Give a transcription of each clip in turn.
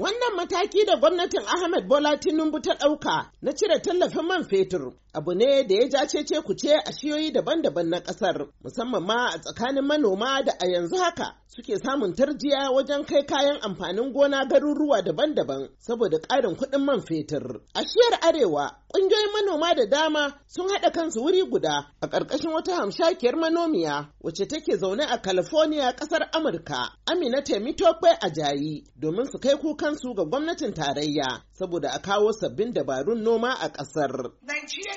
Wannan mataki da gwamnatin Ahmed Bola Tinubu ta ɗauka na cire tallafin man fetur abu ne da ya ja cece ce a shiyoyi daban-daban na ƙasar musamman ma a tsakanin manoma da a yanzu haka suke samun tarjiya wajen kai kayan amfanin gona garuruwa daban-daban saboda ƙarin kuɗin man fetur. A shiyar Arewa ƙungiyoyin manoma da dama sun haɗa kansu wuri guda a ƙarƙashin wata hamshakiyar manomiya wacce take zaune a California ƙasar Amurka Amina Temitope Ajayi domin su kai kukan kansu ga gwamnatin tarayya saboda a kawo sabbin dabarun noma a ƙasar. Nigeria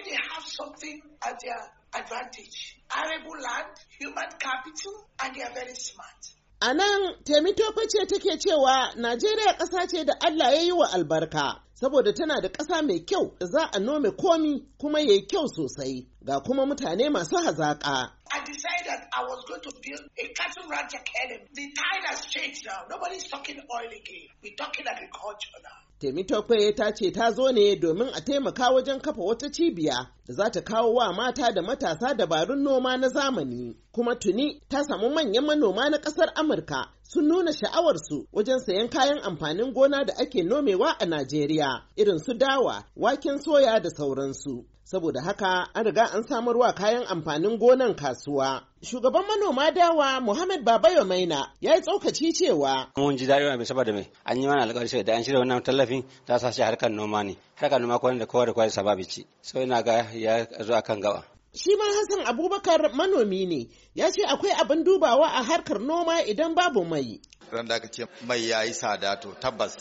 A nan Temitope ce take cewa Najeriya ƙasa ce da Allah ya yi wa albarka, saboda tana da ƙasa mai kyau da za a nome komi kuma ya yi kyau sosai, ga kuma mutane masu hazaƙa. I decided I was going to build a cattle ranch academy. The tide has changed now. Nobody's talking oil again. We're talking agriculture now. Temitope ta ce ta zo ne domin a taimaka wajen kafa wata cibiya da za ta kawo wa mata da matasa dabarun noma na zamani. Kuma tuni ta samu manyan manoma na ƙasar Amurka sun nuna sha'awarsu wajen sayan kayan amfanin gona da ake nomewa a Najeriya, irin su dawa, waken soya da sauransu. saboda haka an riga an samarwa kayan amfanin gonan kasuwa. Shugaban manoma dawa Muhammad Baba Maina ya yi tsokaci cewa. Mun ji daɗi mai saboda mai an yi mana alƙawarin cewa da an shirya wannan tallafin za su shi harkar noma ne. Harkar noma kwanan da kowa da kowa da sababi ci. So ina ga ya zo akan gaba. Shi ma Hassan Abubakar manomi ne ya ce akwai abin dubawa a harkar noma idan babu mai. Ran da aka ce mai ya yi sada to tabbas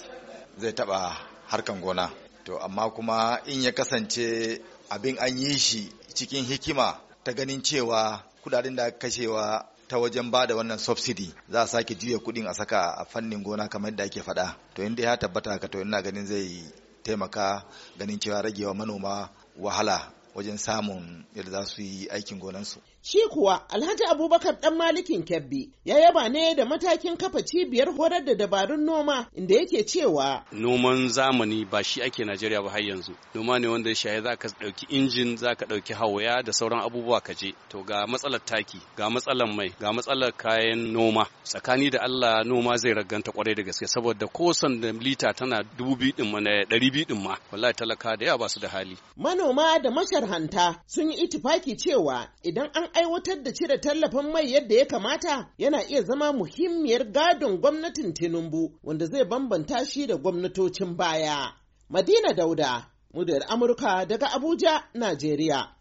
zai taɓa harkar gona. To amma kuma in ya kasance abin an yi shi cikin hikima ta ganin cewa kudaden da aka kashewa ta wajen ba da wannan subsidy za a sake juya kudin a saka a fannin gona kamar yadda ake faɗa to inda ya tabbata ka to ina ganin zai taimaka ganin cewa ragewa manoma wahala wajen samun yadda za su yi aikin gonansu Shi kuwa Alhaji Abubakar ɗan Malikin Kebbi ya yaba ne da matakin kafa cibiyar horar da dabarun noma inda yake cewa. Noman zamani ba shi ake Najeriya ba har yanzu. Noma ne wanda ya shaye za ka ɗauki injin za ka ɗauki hawaya da sauran abubuwa ka je. To ga matsalar taki, ga matsalar mai, ga matsalar kayan noma. Tsakani da Allah noma zai raganta kwarai da gaske saboda ko da lita tana dubu biyu ɗin na ɗari biyu ɗin ma. Wallahi talaka da yawa ba su da hali. Manoma da masharhanta sun yi itifaki cewa idan an aiwatar da cire tallafin mai yadda ya kamata yana iya zama muhimmiyar gadon gwamnatin Tinubu wanda zai bambanta shi da gwamnatocin baya. Madina Dauda, Muryar Amurka daga Abuja, Najeriya.